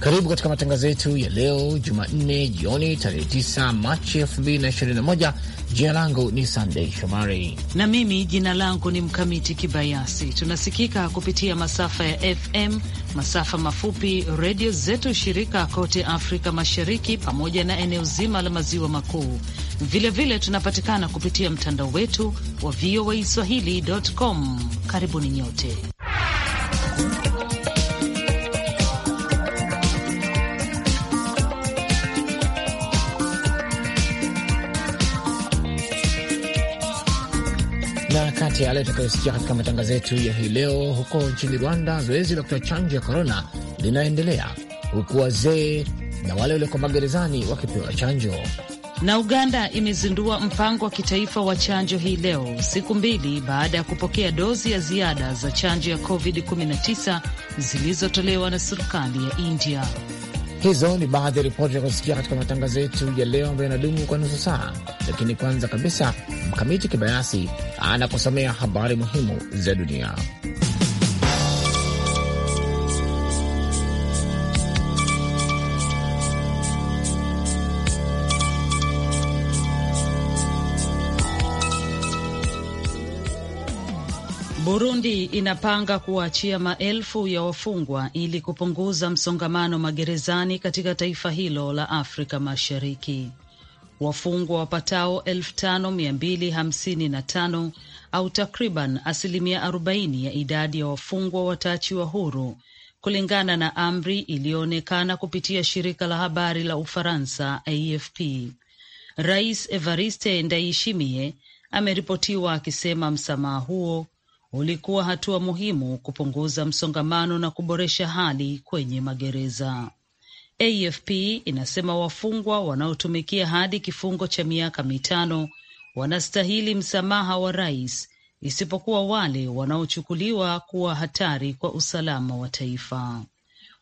Karibu katika matangazo yetu ya leo Jumanne jioni tarehe 9 Machi 2021. Jina langu ni Sandei Shomari na mimi jina langu ni Mkamiti Kibayasi. Tunasikika kupitia masafa ya FM, masafa mafupi, redio zetu shirika kote Afrika Mashariki pamoja na eneo zima la maziwa makuu. Vilevile tunapatikana kupitia mtandao wetu wa VOA swahili.com. Karibuni nyote Na kati ya yale tutakayosikia katika matangazo yetu ya hii leo, huko nchini Rwanda zoezi la kutoa chanjo ya korona linaendelea huku wazee na wale walioko magerezani wakipewa chanjo. Na Uganda imezindua mpango wa kitaifa wa chanjo hii leo, siku mbili baada ya kupokea dozi ya ziada za chanjo ya COVID-19 zilizotolewa na serikali ya India. Hizo ni baadhi ya ripoti za kusikia katika matangazo yetu ya leo ambayo yanadumu kwa nusu saa, lakini kwanza kabisa Mkamiti Kibayasi anakusomea habari muhimu za dunia. Burundi inapanga kuwaachia maelfu ya wafungwa ili kupunguza msongamano magerezani katika taifa hilo la Afrika Mashariki. Wafungwa wapatao 5255 au takriban asilimia 40 ya idadi ya wafungwa wataachiwa huru kulingana na amri iliyoonekana kupitia shirika la habari la Ufaransa AFP. Rais Evariste Ndayishimiye ameripotiwa akisema msamaha huo ulikuwa hatua muhimu kupunguza msongamano na kuboresha hali kwenye magereza. AFP inasema wafungwa wanaotumikia hadi kifungo cha miaka mitano wanastahili msamaha wa rais, isipokuwa wale wanaochukuliwa kuwa hatari kwa usalama wa taifa.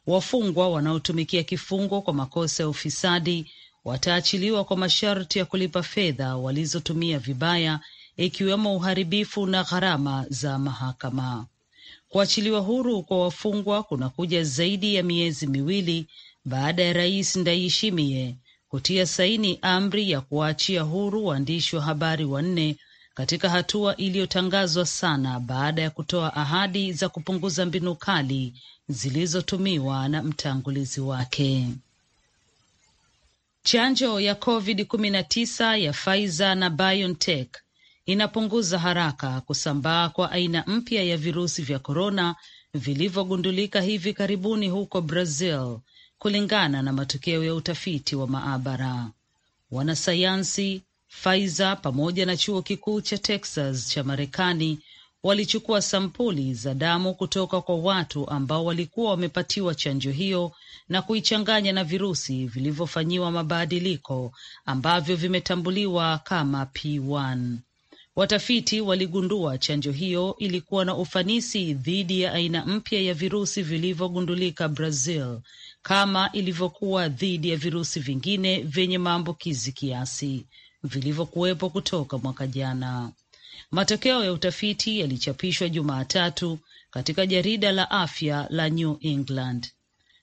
Wafungwa wanaotumikia kifungo kwa makosa ya ufisadi wataachiliwa kwa masharti ya kulipa fedha walizotumia vibaya ikiwemo uharibifu na gharama za mahakama. Kuachiliwa huru kwa wafungwa kunakuja zaidi ya miezi miwili baada ya rais Ndayishimiye kutia saini amri ya kuwaachia huru waandishi wa habari wanne katika hatua iliyotangazwa sana baada ya kutoa ahadi za kupunguza mbinu kali zilizotumiwa na mtangulizi wake. Chanjo ya COVID-19 ya Pfizer na BioNTech inapunguza haraka kusambaa kwa aina mpya ya virusi vya korona vilivyogundulika hivi karibuni huko Brazil, kulingana na matokeo ya utafiti wa maabara. Wanasayansi Pfizer pamoja na chuo kikuu cha Texas cha Marekani walichukua sampuli za damu kutoka kwa watu ambao walikuwa wamepatiwa chanjo hiyo na kuichanganya na virusi vilivyofanyiwa mabadiliko ambavyo vimetambuliwa kama P1. Watafiti waligundua chanjo hiyo ilikuwa na ufanisi dhidi ya aina mpya ya virusi vilivyogundulika Brazil kama ilivyokuwa dhidi ya virusi vingine vyenye maambukizi kiasi vilivyokuwepo kutoka mwaka jana. Matokeo ya utafiti yalichapishwa Jumatatu katika jarida la afya la New England.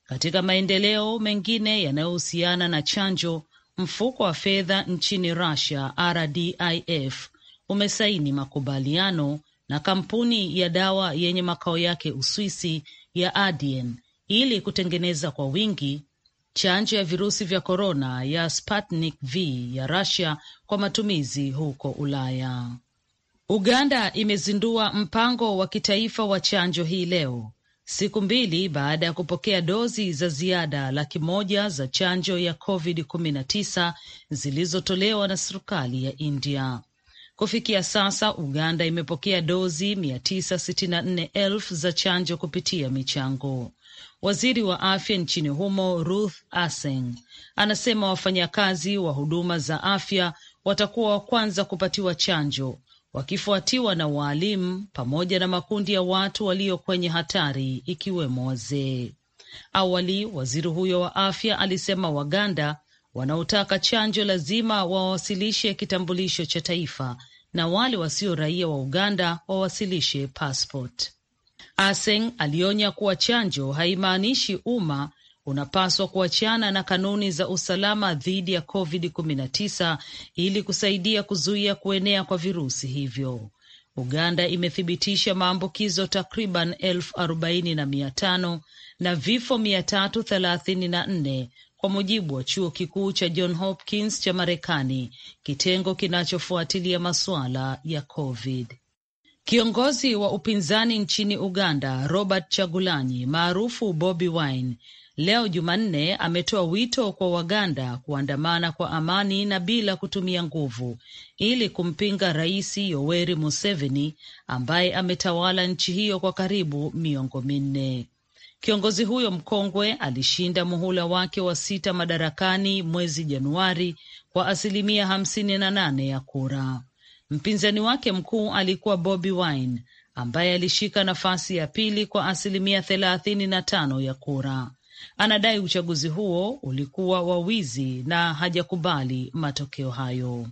Katika maendeleo mengine yanayohusiana na chanjo, mfuko wa fedha nchini Russia RDIF umesaini makubaliano na kampuni ya dawa yenye makao yake Uswisi ya Adyen ili kutengeneza kwa wingi chanjo ya virusi vya korona ya Sputnik V ya Russia kwa matumizi huko Ulaya. Uganda imezindua mpango wa kitaifa wa chanjo hii leo, siku mbili baada ya kupokea dozi za ziada laki moja za chanjo ya COVID-19 zilizotolewa na serikali ya India. Kufikia sasa Uganda imepokea dozi mia za chanjo kupitia michango. Waziri wa afya nchini humo Ruth Aseng anasema wafanyakazi wa huduma za afya watakuwa wa kwanza kupatiwa chanjo, wakifuatiwa na waalimu pamoja na makundi ya watu walio kwenye hatari ikiwemo wazee. Awali waziri huyo wa afya alisema Waganda Wanaotaka chanjo lazima wawasilishe kitambulisho cha taifa na wale wasio raia wa Uganda wawasilishe passport. Aseng alionya kuwa chanjo haimaanishi umma unapaswa kuachana na kanuni za usalama dhidi ya COVID-19 ili kusaidia kuzuia kuenea kwa virusi hivyo. Uganda imethibitisha maambukizo takriban elfu arobaini na mia tano na vifo mia tatu thelathini na nne kwa mujibu wa chuo kikuu cha John Hopkins cha Marekani, kitengo kinachofuatilia masuala ya COVID. Kiongozi wa upinzani nchini Uganda Robert Chagulanyi maarufu Bobi Wine leo Jumanne ametoa wito kwa Waganda kuandamana kwa amani na bila kutumia nguvu ili kumpinga Rais Yoweri Museveni ambaye ametawala nchi hiyo kwa karibu miongo minne. Kiongozi huyo mkongwe alishinda muhula wake wa sita madarakani mwezi Januari kwa asilimia hamsini na nane ya kura. Mpinzani wake mkuu alikuwa Bobi Wine ambaye alishika nafasi ya pili kwa asilimia thelathini na tano ya kura. Anadai uchaguzi huo ulikuwa wa wizi na hajakubali matokeo hayo.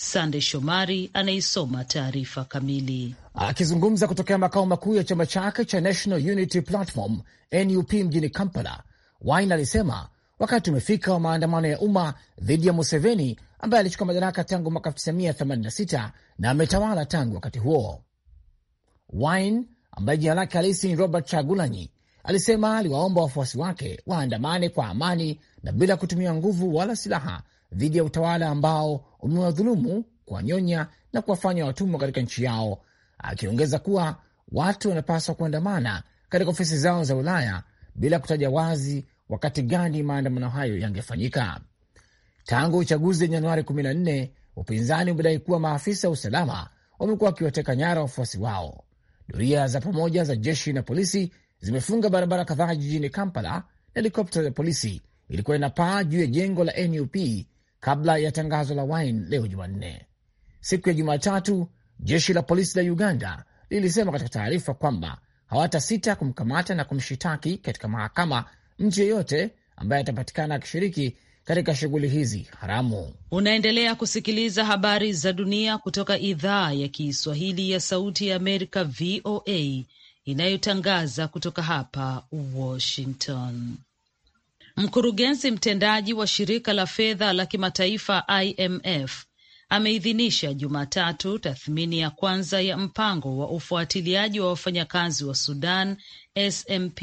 Sande Shomari anaisoma taarifa kamili. Akizungumza kutokea makao makuu ya chama chake cha National Unity Platform NUP mjini Kampala, Wine alisema wakati umefika wa maandamano ya umma dhidi ya Museveni ambaye alichukua madaraka tangu mwaka 1986 na ametawala tangu wakati huo. Wine ambaye jina lake halisi ni Robert Chagulanyi alisema aliwaomba wafuasi wake waandamane kwa amani na bila kutumia nguvu wala silaha dhidi ya utawala ambao umewadhulumu, kuwanyonya na kuwafanya watumwa katika nchi yao, akiongeza kuwa watu wanapaswa kuandamana katika ofisi zao za Ulaya bila kutaja wazi wakati gani maandamano hayo yangefanyika. Tangu uchaguzi wa Januari 14 upinzani umedai kuwa maafisa wa usalama wamekuwa wakiwateka nyara wafuasi wao. Doria za pamoja za jeshi na polisi zimefunga barabara kadhaa jijini Kampala na helikopta ya polisi ilikuwa inapaa juu ya jengo la NUP kabla ya tangazo la Wine leo Jumanne. Siku ya Jumatatu, jeshi la polisi la Uganda lilisema katika taarifa kwamba hawatasita kumkamata na kumshitaki katika mahakama mtu yeyote ambaye atapatikana akishiriki katika shughuli hizi haramu. Unaendelea kusikiliza habari za dunia kutoka idhaa ya Kiswahili ya Sauti ya Amerika, VOA, inayotangaza kutoka hapa Washington. Mkurugenzi mtendaji wa shirika la fedha la kimataifa IMF ameidhinisha Jumatatu tathmini ya kwanza ya mpango wa ufuatiliaji wa wafanyakazi wa Sudan SMP,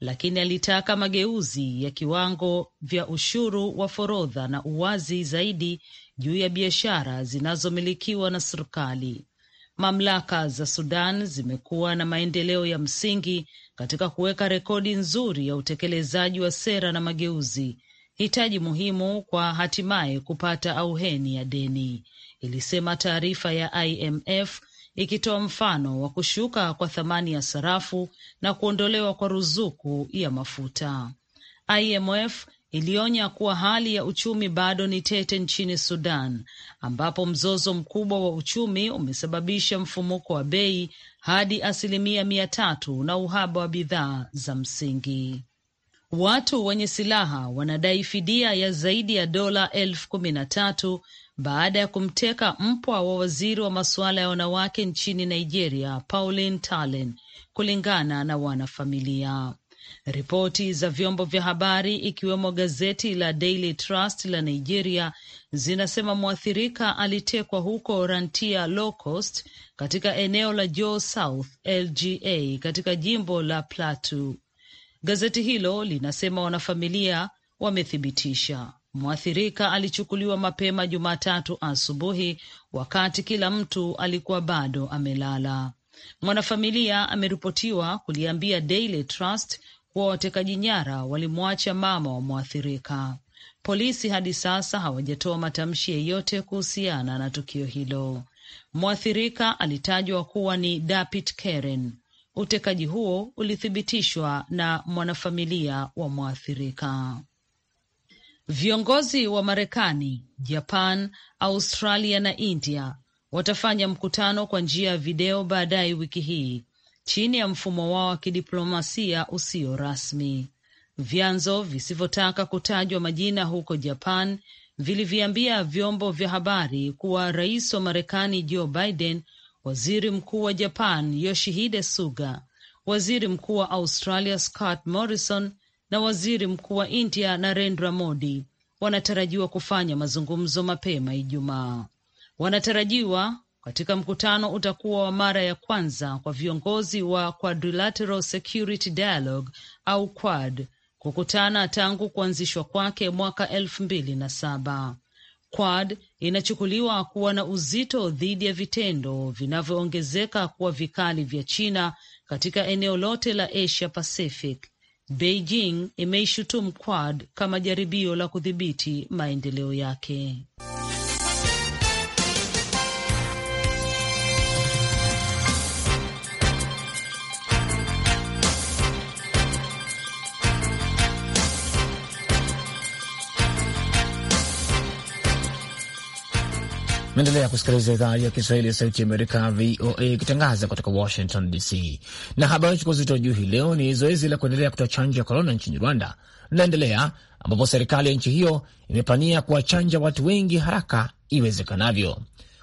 lakini alitaka mageuzi ya kiwango vya ushuru wa forodha na uwazi zaidi juu ya biashara zinazomilikiwa na serikali. Mamlaka za Sudan zimekuwa na maendeleo ya msingi katika kuweka rekodi nzuri ya utekelezaji wa sera na mageuzi, hitaji muhimu kwa hatimaye kupata auheni ya deni, ilisema taarifa ya IMF ikitoa mfano wa kushuka kwa thamani ya sarafu na kuondolewa kwa ruzuku ya mafuta. IMF ilionya kuwa hali ya uchumi bado ni tete nchini Sudan, ambapo mzozo mkubwa wa uchumi umesababisha mfumuko wa bei hadi asilimia mia tatu na uhaba wa bidhaa za msingi. Watu wenye silaha wanadai fidia ya zaidi ya dola elfu kumi na tatu baada ya kumteka mpwa wa waziri wa masuala ya wanawake nchini Nigeria, Pauline Talen, kulingana na wanafamilia. Ripoti za vyombo vya habari ikiwemo gazeti la Daily Trust la Nigeria zinasema mwathirika alitekwa huko Rantia Low katika eneo la Jos South LGA katika jimbo la Plateau. Gazeti hilo linasema wanafamilia wamethibitisha mwathirika alichukuliwa mapema Jumatatu asubuhi, wakati kila mtu alikuwa bado amelala. Mwanafamilia ameripotiwa kuliambia Daily Trust kuwa watekaji nyara walimwacha mama wa mwathirika. Polisi hadi sasa hawajatoa matamshi yeyote kuhusiana na tukio hilo. Mwathirika alitajwa kuwa ni Dapit Keren. Utekaji huo ulithibitishwa na mwanafamilia wa mwathirika. Viongozi wa Marekani, Japan, Australia na India watafanya mkutano kwa njia ya video baadaye wiki hii chini ya mfumo wao wa kidiplomasia usio rasmi. Vyanzo visivyotaka kutajwa majina huko Japan viliviambia vyombo vya habari kuwa rais wa Marekani Joe Biden, waziri mkuu wa Japan Yoshihide Suga, waziri mkuu wa Australia Scott Morrison na waziri mkuu wa India Narendra Modi wanatarajiwa kufanya mazungumzo mapema Ijumaa. Wanatarajiwa katika mkutano utakuwa wa mara ya kwanza kwa viongozi wa Quadrilateral Security Dialogue au Quad kukutana tangu kuanzishwa kwake mwaka elfu mbili na saba. Quad inachukuliwa kuwa na uzito dhidi ya vitendo vinavyoongezeka kuwa vikali vya China katika eneo lote la Asia Pacific. Beijing imeishutumu Quad kama jaribio la kudhibiti maendeleo yake. Naendelea kusikiliza idhaa ya Kiswahili ya Sauti ya Amerika, VOA, ikitangaza kutoka Washington DC. Na habari chukua uzito juu hii leo ni zoezi la kuendelea kutoa chanjo ya korona nchini Rwanda linaendelea, ambapo serikali ya nchi hiyo imepania kuwachanja watu wengi haraka iwezekanavyo.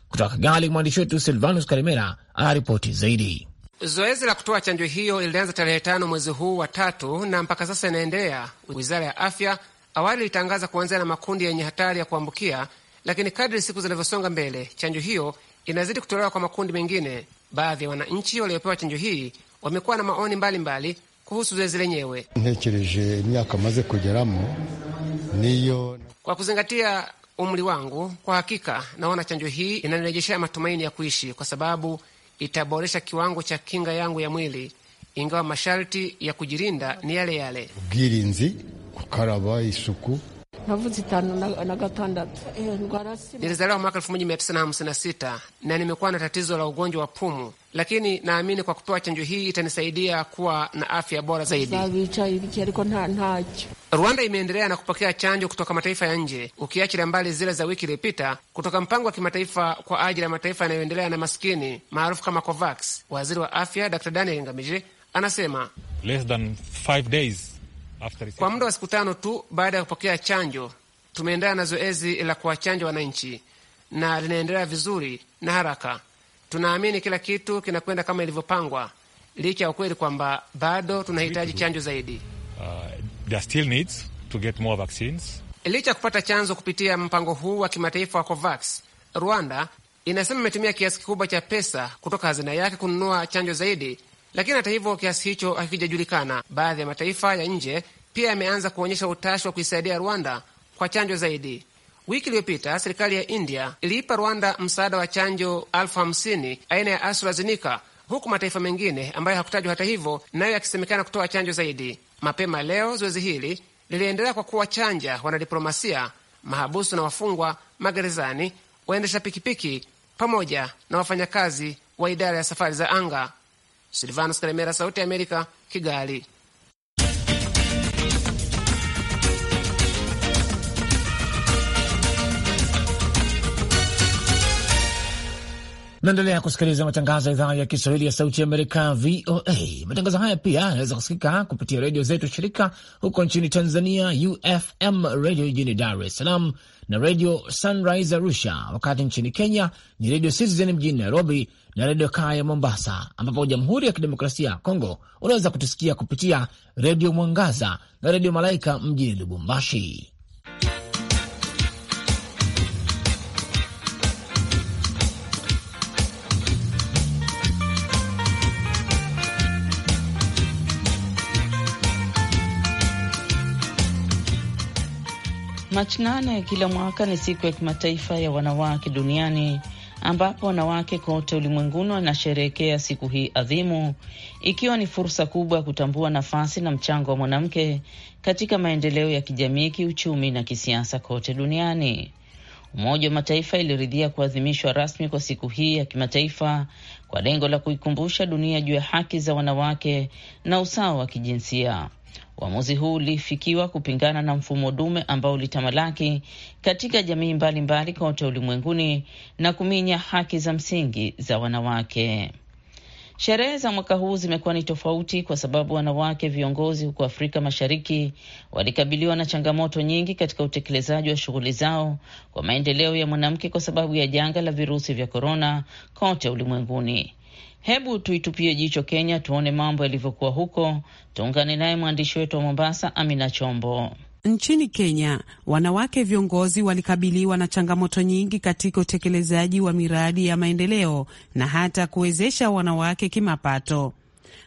Kutoka Kigali, mwandishi wetu Silvanus Karimera anaripoti zaidi. Zoezi la kutoa chanjo hiyo ilianza tarehe tano mwezi huu wa tatu na mpaka sasa inaendelea. Wizara ya afya awali ilitangaza kuanzia na makundi yenye hatari ya kuambukia lakini kadri siku zinavyosonga mbele, chanjo hiyo inazidi kutolewa kwa makundi mengine. Baadhi ya wananchi waliopewa chanjo hii wamekuwa na maoni mbalimbali mbali kuhusu zoezi lenyewe. Kwa kuzingatia umri wangu, kwa hakika naona chanjo hii inanirejeshea matumaini ya kuishi, kwa sababu itaboresha kiwango cha kinga yangu ya mwili, ingawa masharti ya kujilinda ni yale yale. Ubwirinzi, kukaraba, isuku navuze itanu na gatandatu. Eh, Nilizaliwa mwaka 1956 na nimekuwa na tatizo la ugonjwa wa pumu, lakini naamini kwa kupewa chanjo hii itanisaidia kuwa na afya bora zaidi. Rwanda imeendelea na kupokea chanjo kutoka mataifa ya nje, ukiachilia mbali zile za wiki iliyopita kutoka mpango wa kimataifa kwa ajili ya mataifa yanayoendelea na maskini maarufu kama COVAX. Waziri wa afya Dr Daniel Ngamije anasema Less than five days. Kwa muda wa siku tano tu baada ya kupokea chanjo, tumeendelea na zoezi la kuwachanja wananchi na linaendelea vizuri na haraka. Tunaamini kila kitu kinakwenda kama ilivyopangwa, licha ya ukweli kwamba bado tunahitaji chanjo zaidi. Uh, still needs to get more vaccines. Licha ya kupata chanzo kupitia mpango huu wa kimataifa wa COVAX, Rwanda inasema imetumia kiasi kikubwa cha pesa kutoka hazina yake kununua chanjo zaidi lakini hata hivyo kiasi hicho hakijajulikana. Baadhi ya mataifa ya nje pia yameanza kuonyesha utashi wa kuisaidia Rwanda kwa chanjo zaidi. Wiki iliyopita serikali ya India iliipa Rwanda msaada wa chanjo elfu hamsini aina ya AstraZeneca, huku mataifa mengine ambayo hakutajwa hata hivyo nayo yakisemekana kutoa chanjo zaidi. Mapema leo zoezi hili liliendelea kwa kuwachanja wanadiplomasia, mahabusu na wafungwa magerezani, waendesha pikipiki pamoja na wafanyakazi wa idara ya safari za anga. Silvanus Kalemera, Sauti ya Amerika, Kigali. Naendelea kusikiliza matangazo ya idhaa ya Kiswahili ya Sauti ya Amerika, VOA. Matangazo haya pia yanaweza kusikika kupitia redio zetu shirika huko nchini Tanzania, UFM Redio jijini Dar es Salaam na Redio Sunrise Arusha, wakati nchini Kenya ni Redio Citizen mjini Nairobi na redio Kaya Mombasa, ambapo Jamhuri ya Kidemokrasia ya Kongo unaweza kutusikia kupitia redio Mwangaza na redio Malaika mjini Lubumbashi. Machi nane kila mwaka ni siku ya kimataifa ya wanawake duniani ambapo wanawake kote ulimwenguni wanasherehekea siku hii adhimu, ikiwa ni fursa kubwa ya kutambua nafasi na mchango wa mwanamke katika maendeleo ya kijamii, kiuchumi na kisiasa kote duniani. Umoja wa Mataifa iliridhia kuadhimishwa rasmi kwa siku hii ya kimataifa kwa lengo la kuikumbusha dunia juu ya haki za wanawake na usawa wa kijinsia. Uamuzi huu ulifikiwa kupingana na mfumo dume ambao ulitamalaki katika jamii mbalimbali kote ulimwenguni na kuminya haki za msingi za wanawake. Sherehe za mwaka huu zimekuwa ni tofauti kwa sababu wanawake viongozi huko Afrika Mashariki walikabiliwa na changamoto nyingi katika utekelezaji wa shughuli zao kwa maendeleo ya mwanamke kwa sababu ya janga la virusi vya korona kote ulimwenguni. Hebu tuitupie jicho Kenya, tuone mambo yalivyokuwa huko. Tuungane naye mwandishi wetu wa Mombasa, Amina Chombo. Nchini Kenya, wanawake viongozi walikabiliwa na changamoto nyingi katika utekelezaji wa miradi ya maendeleo na hata kuwezesha wanawake kimapato.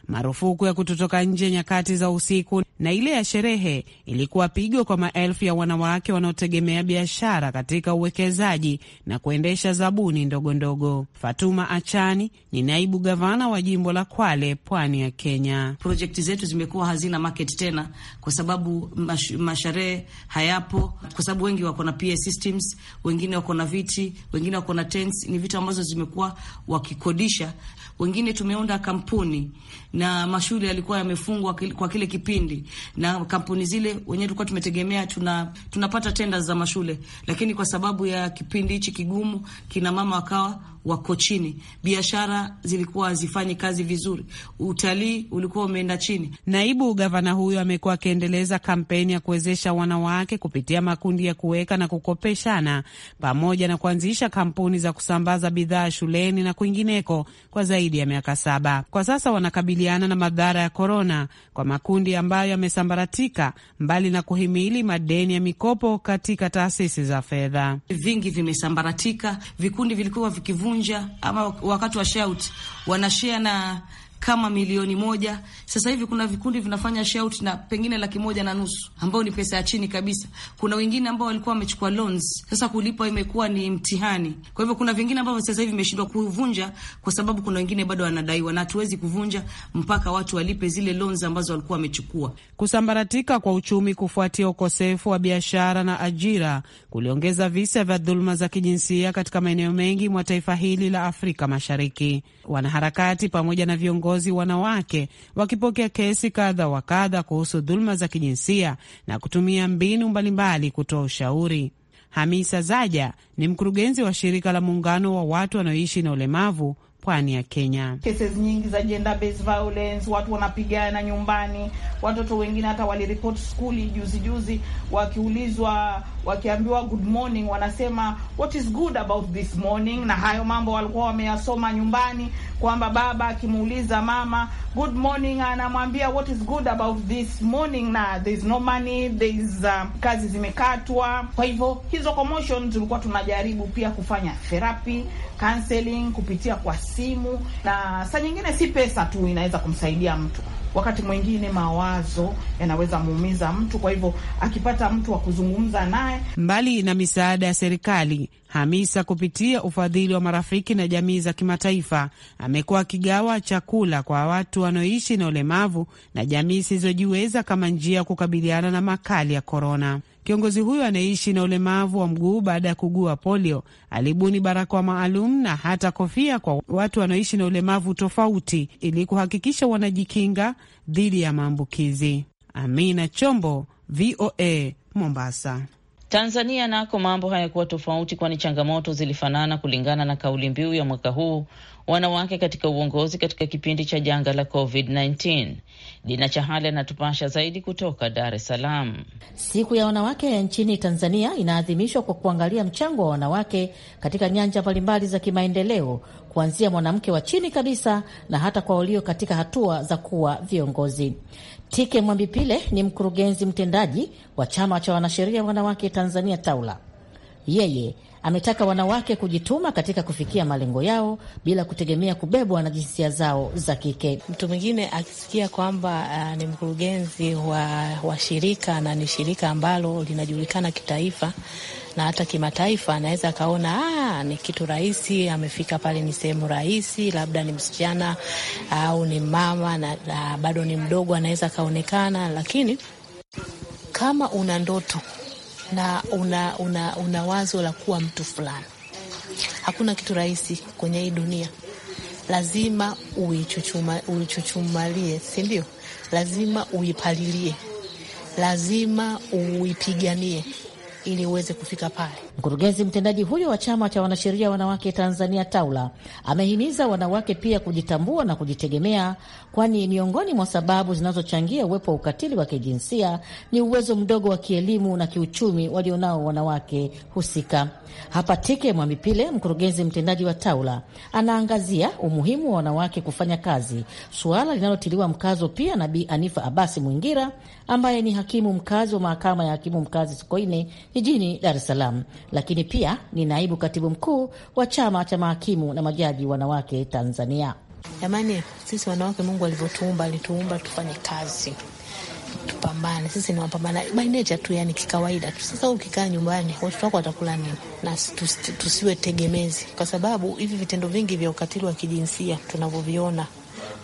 Marufuku ya kutotoka nje nyakati za usiku na ile ya sherehe ilikuwa pigo kwa maelfu ya wanawake wanaotegemea biashara katika uwekezaji na kuendesha zabuni ndogondogo. Fatuma Achani ni naibu gavana wa jimbo la Kwale, pwani ya Kenya. Projekti zetu zimekuwa hazina market tena kwa sababu mash, masharehe hayapo, kwa sababu wengi wako na PA systems, wengine wako na viti, wengine wako na tents. Ni vitu ambazo zimekuwa wakikodisha, wengine tumeunda kampuni na mashule yalikuwa yamefungwa kwa kile kipindi, na kampuni zile wenyewe tulikuwa tumetegemea tuna, tunapata tenda za mashule, lakini kwa sababu ya kipindi hichi kigumu, kina mama wakawa wako chini, biashara zilikuwa hazifanyi kazi vizuri, utalii ulikuwa umeenda chini. Naibu gavana huyo amekuwa akiendeleza kampeni ya kuwezesha wanawake kupitia makundi ya kuweka na kukopeshana pamoja na kuanzisha kampuni za kusambaza bidhaa shuleni na kwingineko kwa zaidi ya miaka saba. Kwa sasa wanakabiliana na madhara ya korona kwa makundi ambayo yamesambaratika, mbali na kuhimili madeni ya mikopo katika taasisi za fedha. Vingi vimesambaratika, vikundi vilikuwa vikivunja wanaonja ama wakati wa shout wanashare na kama milioni moja. Sasa hivi kuna vikundi vinafanya shout na pengine laki moja na nusu, ambao ni pesa ya chini kabisa. Kuna wengine ambao walikuwa wamechukua loans, sasa kulipa imekuwa ni mtihani. Kwa hivyo kuna vingine ambavyo sasa hivi vimeshindwa kuvunja, kwa sababu kuna wengine bado wanadaiwa, na hatuwezi kuvunja mpaka watu walipe zile loans ambazo walikuwa wamechukua. Kusambaratika kwa uchumi kufuatia ukosefu wa biashara na ajira kuliongeza visa vya dhuluma za kijinsia katika maeneo mengi mwa taifa hili la Afrika Mashariki. Wanaharakati pamoja na viongozi viongozi wanawake wakipokea kesi kadha wa kadha kuhusu dhuluma za kijinsia na kutumia mbinu mbalimbali kutoa ushauri. Hamisa Zaja ni mkurugenzi wa shirika la muungano wa watu wanaoishi na ulemavu pwani ya Kenya. Cases nyingi za gender based violence, watu wanapigana nyumbani, watoto wengine hata waliripoti skuli juzi juzi wakiulizwa wakiambiwa good morning wanasema what is good about this morning, na hayo mambo walikuwa wameyasoma nyumbani, kwamba baba akimuuliza mama good morning anamwambia what is good about this morning, na there is no money, there is uh, um, kazi zimekatwa. Kwa hivyo hizo commotion tulikuwa tunajaribu pia kufanya therapy, counseling kupitia kwa simu, na saa nyingine si pesa tu inaweza kumsaidia mtu. Wakati mwingine mawazo yanaweza muumiza mtu, kwa hivyo akipata mtu wa kuzungumza naye. Mbali na misaada ya serikali, Hamisa kupitia ufadhili wa marafiki na jamii za kimataifa amekuwa akigawa chakula kwa watu wanaoishi na ulemavu na jamii zisizojiweza kama njia ya kukabiliana na makali ya korona. Kiongozi huyo anayeishi na ulemavu wa mguu baada ya kugua polio alibuni barakoa maalum na hata kofia kwa watu wanaoishi na ulemavu tofauti ili kuhakikisha wanajikinga dhidi ya maambukizi. Amina Chombo, VOA, Mombasa. Tanzania nako mambo hayakuwa tofauti, kwani changamoto zilifanana kulingana na kauli mbiu ya mwaka huu, wanawake katika uongozi katika kipindi cha janga la COVID-19. Dina Chahale anatupasha zaidi kutoka Dar es Salaam. Siku ya wanawake ya nchini Tanzania inaadhimishwa kwa kuangalia mchango wa wanawake katika nyanja mbalimbali za kimaendeleo, kuanzia mwanamke wa chini kabisa na hata kwa walio katika hatua za kuwa viongozi. Tike Mwambipile ni mkurugenzi mtendaji wa chama cha wanasheria wanawake Tanzania taula Yeye ametaka wanawake kujituma katika kufikia malengo yao bila kutegemea kubebwa na jinsia zao za kike. Mtu mwingine akisikia kwamba uh, ni mkurugenzi wa, wa shirika na ni shirika ambalo linajulikana kitaifa na hata kimataifa anaweza akaona ah, ni kitu rahisi, amefika pale, ni sehemu rahisi, labda ni msichana au ni mama na, na bado ni mdogo, anaweza akaonekana. Lakini kama una ndoto na una, una, una wazo la kuwa mtu fulani, hakuna kitu rahisi kwenye hii dunia. Lazima uichuchumalie, si ndio? Lazima uipalilie, lazima uipiganie ili uweze kufika pale. Mkurugenzi mtendaji huyo wa chama cha wanasheria wanawake Tanzania taula amehimiza wanawake pia kujitambua na kujitegemea, kwani miongoni mwa sababu zinazochangia uwepo wa ukatili wa kijinsia ni uwezo mdogo wa kielimu na kiuchumi walionao wanawake husika. Hapa Tike Mwamipile, mkurugenzi mtendaji wa taula anaangazia umuhimu wa wanawake kufanya kazi, suala linalotiliwa mkazo pia na Bi Anifa Abasi Mwingira ambaye ni hakimu mkazi wa mahakama ya hakimu mkazi Sokoine jijini Dar es Salaam lakini pia ni naibu katibu mkuu wa chama cha mahakimu na majaji wanawake Tanzania. Jamani, sisi wanawake, Mungu alivyotuumba alituumba tufanye kazi, tupambane. Sisi ni wapambana by nature tu, yani kikawaida tu. Sasa ukikaa nyumbani, watoto wako watakula nini? Na tusiwe tegemezi, kwa sababu hivi vitendo vingi vya ukatili wa kijinsia tunavyoviona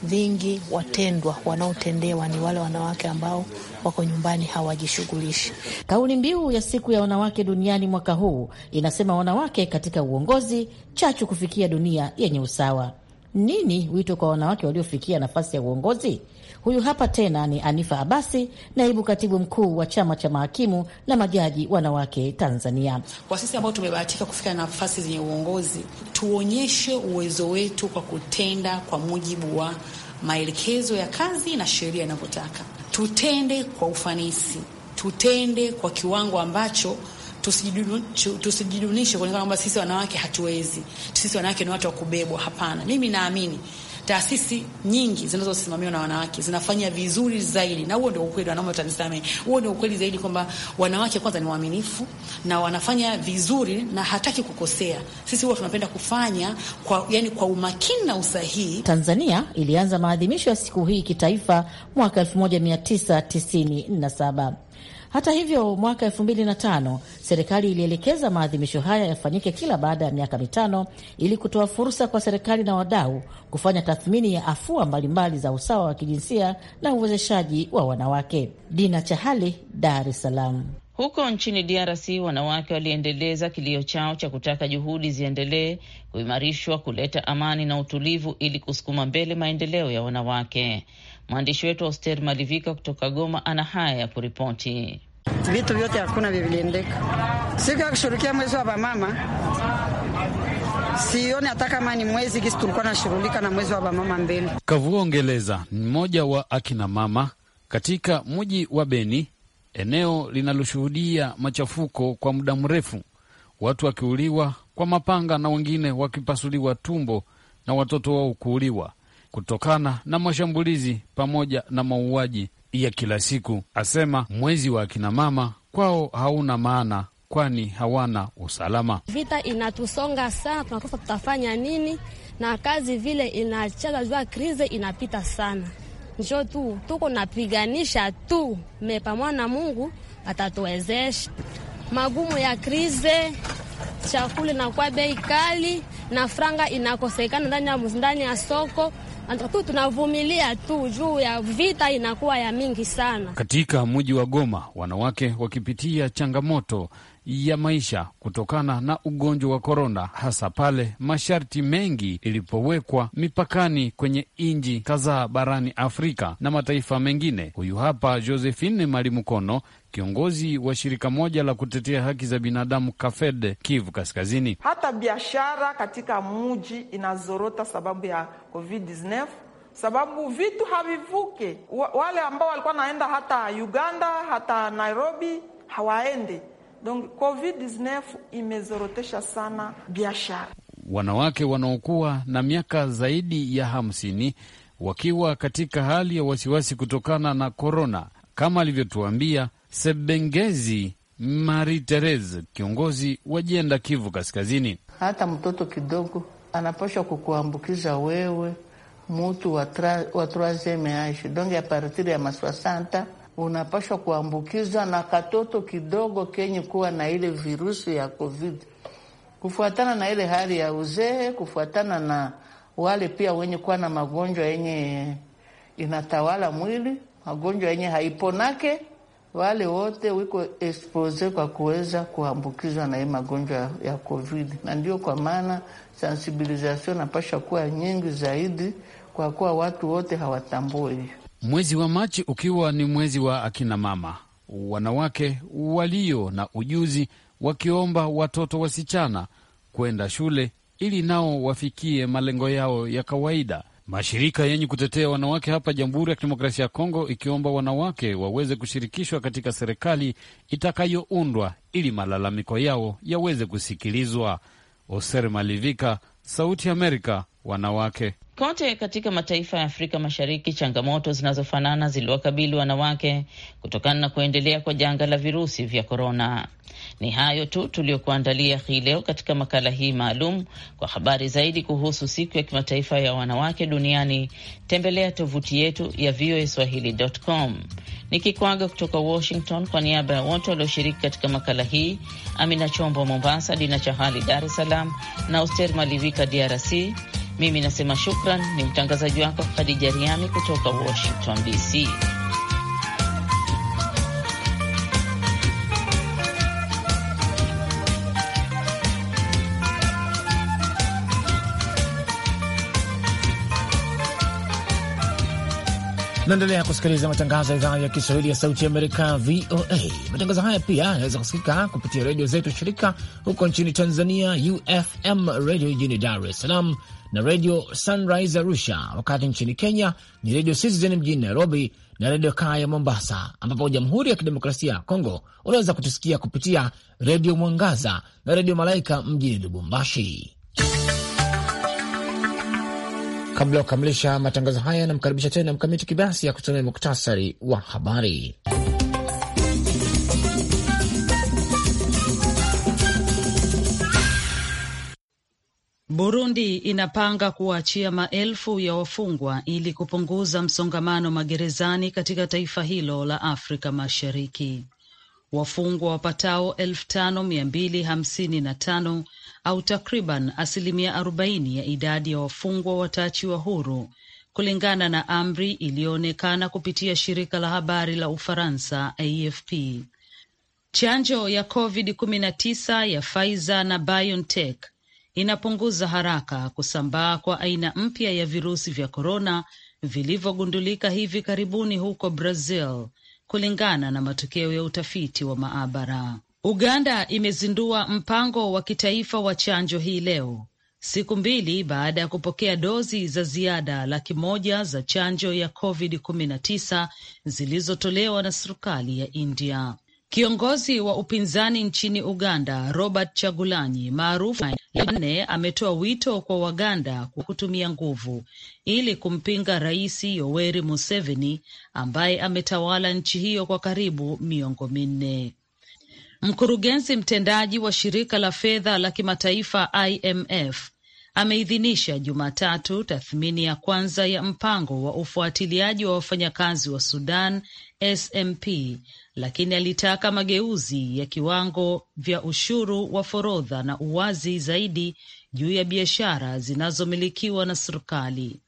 vingi watendwa wanaotendewa ni wale wanawake ambao wako nyumbani hawajishughulishi. Kauli mbiu ya siku ya wanawake duniani mwaka huu inasema wanawake katika uongozi, chachu kufikia dunia yenye usawa. Nini wito kwa wanawake waliofikia nafasi ya uongozi? Huyu hapa tena ni Anifa Abasi, naibu katibu mkuu wa chama cha mahakimu na majaji wanawake Tanzania. Kwa sisi ambao tumebahatika kufika nafasi zenye uongozi, tuonyeshe uwezo wetu kwa kutenda kwa mujibu wa maelekezo ya kazi na sheria inavyotaka. Tutende kwa ufanisi, tutende kwa kiwango ambacho tusijidunishe kuonekana kwamba sisi wanawake hatuwezi, sisi wanawake ni watu wa kubebwa. Hapana, mimi naamini taasisi nyingi zinazosimamiwa na wanawake zinafanya vizuri zaidi, na huo ndio ukweli. Wanaume watanisamehe, huo ndio ukweli zaidi kwamba wanawake kwanza ni waaminifu na wanafanya vizuri na hataki kukosea. Sisi huwa tunapenda kufanya kwa, yani kwa umakini na usahihi. Tanzania ilianza maadhimisho ya siku hii kitaifa mwaka elfu moja mia tisa tisini na saba. Hata hivyo, mwaka elfu mbili na tano serikali ilielekeza maadhimisho haya yafanyike kila baada ya miaka mitano ili kutoa fursa kwa serikali na wadau kufanya tathmini ya afua mbalimbali za usawa wa kijinsia na uwezeshaji wa wanawake. Dina Chahali, Dar es Salaam. Huko nchini DRC wanawake waliendeleza kilio chao cha kutaka juhudi ziendelee kuimarishwa kuleta amani na utulivu ili kusukuma mbele maendeleo ya wanawake. Mwandishi wetu Oster Malivika kutoka Goma ana haya ya kuripoti. Vitu vyote hakuna viliendeka siku ya kushughulikia mwezi wa vamama. Sioni hata kama ni mwezi kisi tulikuwa nashughulika na mwezi wa vamama mbele. kavuongeleza ni mmoja wa akina mama katika mji wa Beni, eneo linaloshuhudia machafuko kwa muda mrefu, watu wakiuliwa kwa mapanga na wengine wakipasuliwa tumbo na watoto wao kuuliwa kutokana na mashambulizi pamoja na mauaji ya kila siku. Asema mwezi wa akinamama kwao hauna maana kwani hawana usalama. Vita inatusonga sana, tunakosa tutafanya nini na kazi vile inacheza jua krize inapita sana, njo tu tuko napiganisha tu me pamoja na Mungu atatuwezesha. Magumu ya krize, chakula inakuwa bei kali na franga inakosekana ndani ya soko tu tunavumilia tu juu ya vita inakuwa ya mingi sana katika mji wa Goma, wanawake wakipitia changamoto ya maisha kutokana na ugonjwa wa korona, hasa pale masharti mengi ilipowekwa mipakani kwenye nchi kadhaa barani Afrika na mataifa mengine. Huyu hapa Josephine Malimukono, kiongozi wa shirika moja la kutetea haki za binadamu Kafede, Kivu Kaskazini. Hata biashara katika muji inazorota sababu ya COVID-19 sababu vitu havivuke. Wale ambao walikuwa naenda hata Uganda hata Nairobi hawaendi Donc COVID-19 imezorotesha sana biashara. Wanawake wanaokuwa na miaka zaidi ya hamsini wakiwa katika hali ya wasiwasi kutokana na korona, kama alivyotuambia Sebengezi Marie Therese, kiongozi wa Jenda Kivu Kaskazini. Hata mtoto kidogo anapashwa kukuambukiza wewe mutu wa troisieme age, donc a partir ya maswasanta unapashwa kuambukizwa na katoto kidogo kenye kuwa na ile virusi ya COVID, kufuatana na ile hali ya uzee, kufuatana na wale pia wenye kuwa na magonjwa yenye inatawala mwili, magonjwa yenye haiponake, wale wote wiko expose kwa kuweza kuambukizwa na hii magonjwa ya COVID. Na ndio kwa maana sensibilizasio napasha kuwa nyingi zaidi, kwa kuwa watu wote hawatambui hiyo. Mwezi wa Machi ukiwa ni mwezi wa akina mama, wanawake walio na ujuzi wakiomba watoto wasichana kwenda shule ili nao wafikie malengo yao ya kawaida. Mashirika yenye kutetea wanawake hapa Jamhuri ya Kidemokrasia ya Kongo ikiomba wanawake waweze kushirikishwa katika serikali itakayoundwa ili malalamiko yao yaweze kusikilizwa. Oser Malivika, Sauti Amerika, wanawake Kote katika mataifa ya Afrika Mashariki, changamoto zinazofanana ziliwakabili wanawake kutokana na kuendelea kwa janga la virusi vya korona. Ni hayo tu tuliyokuandalia hii leo katika makala hii maalum. Kwa habari zaidi kuhusu siku ya kimataifa ya wanawake duniani, tembelea tovuti yetu ya VOA Swahili.com. Nikikwaga kutoka Washington kwa niaba ya wote walioshiriki katika makala hii, Amina Chombo Mombasa, Dina Chahali Dar es Salaam na Oster Malivika DRC. Mimi nasema shukran. Ni mtangazaji wako Khadija Riami kutoka Washington DC. Naendelea kusikiliza matangazo ya idhaa ya Kiswahili ya Sauti Amerika, VOA. Matangazo haya pia yanaweza kusikika kupitia redio zetu shirika huko nchini Tanzania, UFM Redio jijini Dar es Salaam na redio Sunrise Arusha, wakati nchini Kenya ni redio Citizen mjini Nairobi na redio Kaya ya Mombasa, ambapo Jamhuri ya Kidemokrasia ya Kongo unaweza kutusikia kupitia redio Mwangaza na redio Malaika mjini Lubumbashi. Kabla ya kukamilisha matangazo haya, namkaribisha tena Mkamiti Kibasi ya kutumia muktasari wa habari. Burundi inapanga kuwaachia maelfu ya wafungwa ili kupunguza msongamano magerezani katika taifa hilo la Afrika Mashariki. Wafungwa wapatao elfu tano mia mbili hamsini na tano au takriban asilimia arobaini ya idadi ya wafungwa wataachiwa huru kulingana na amri iliyoonekana kupitia shirika la habari la Ufaransa AFP. Chanjo ya COVID-19 ya Pfizer na BioNTech inapunguza haraka kusambaa kwa aina mpya ya virusi vya korona vilivyogundulika hivi karibuni huko Brazil, kulingana na matokeo ya utafiti wa maabara. Uganda imezindua mpango wa kitaifa wa chanjo hii leo siku mbili baada ya kupokea dozi za ziada laki moja za chanjo ya COVID-19 zilizotolewa na serikali ya India. Kiongozi wa upinzani nchini Uganda Robert Chagulanyi maarufu Jumanne ametoa wito kwa Waganda kwa kutumia nguvu ili kumpinga Rais Yoweri Museveni ambaye ametawala nchi hiyo kwa karibu miongo minne. Mkurugenzi mtendaji wa shirika la fedha la kimataifa IMF ameidhinisha Jumatatu tathmini ya kwanza ya mpango wa ufuatiliaji wa wafanyakazi wa Sudan SMP lakini alitaka mageuzi ya kiwango vya ushuru wa forodha na uwazi zaidi juu ya biashara zinazomilikiwa na serikali.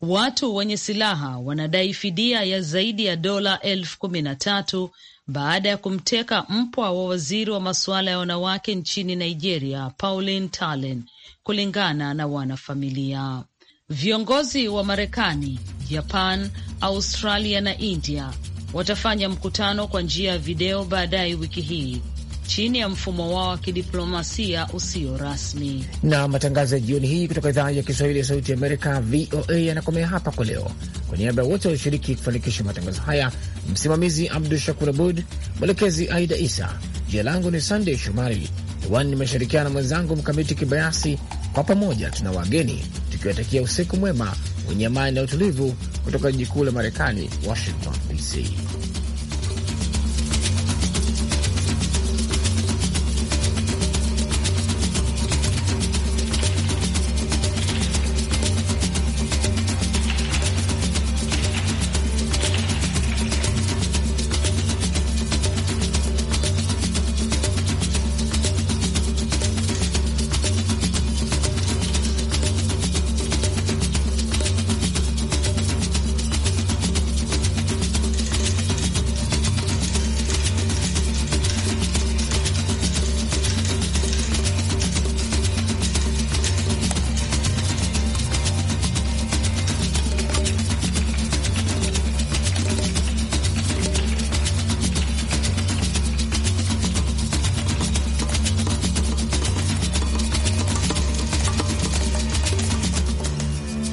Watu wenye silaha wanadai fidia ya zaidi ya dola elfu kumi na tatu baada ya kumteka mpwa wa waziri wa masuala ya wanawake nchini Nigeria, Pauline Talen, kulingana na wanafamilia. Viongozi wa Marekani, Japan, Australia na India watafanya mkutano kwa njia ya video baadaye wiki hii chini ya mfumo wao wa kidiplomasia usio rasmi. Na matangazo ya jioni hii kutoka idhaa ya Kiswahili ya Sauti ya Amerika, VOA, yanakomea hapa kwa leo. Kwa niaba ya wote walioshiriki kufanikisha matangazo haya, msimamizi Abdu Shakur Abud, mwelekezi Aida Isa. Jina langu ni Sandey Shomari, hewani nimeshirikiana na mwenzangu Mkamiti Kibayasi. Kwa pamoja tuna wageni ikiwatakia usiku mwema wenye amani na utulivu kutoka jiji kuu la Marekani, Washington DC.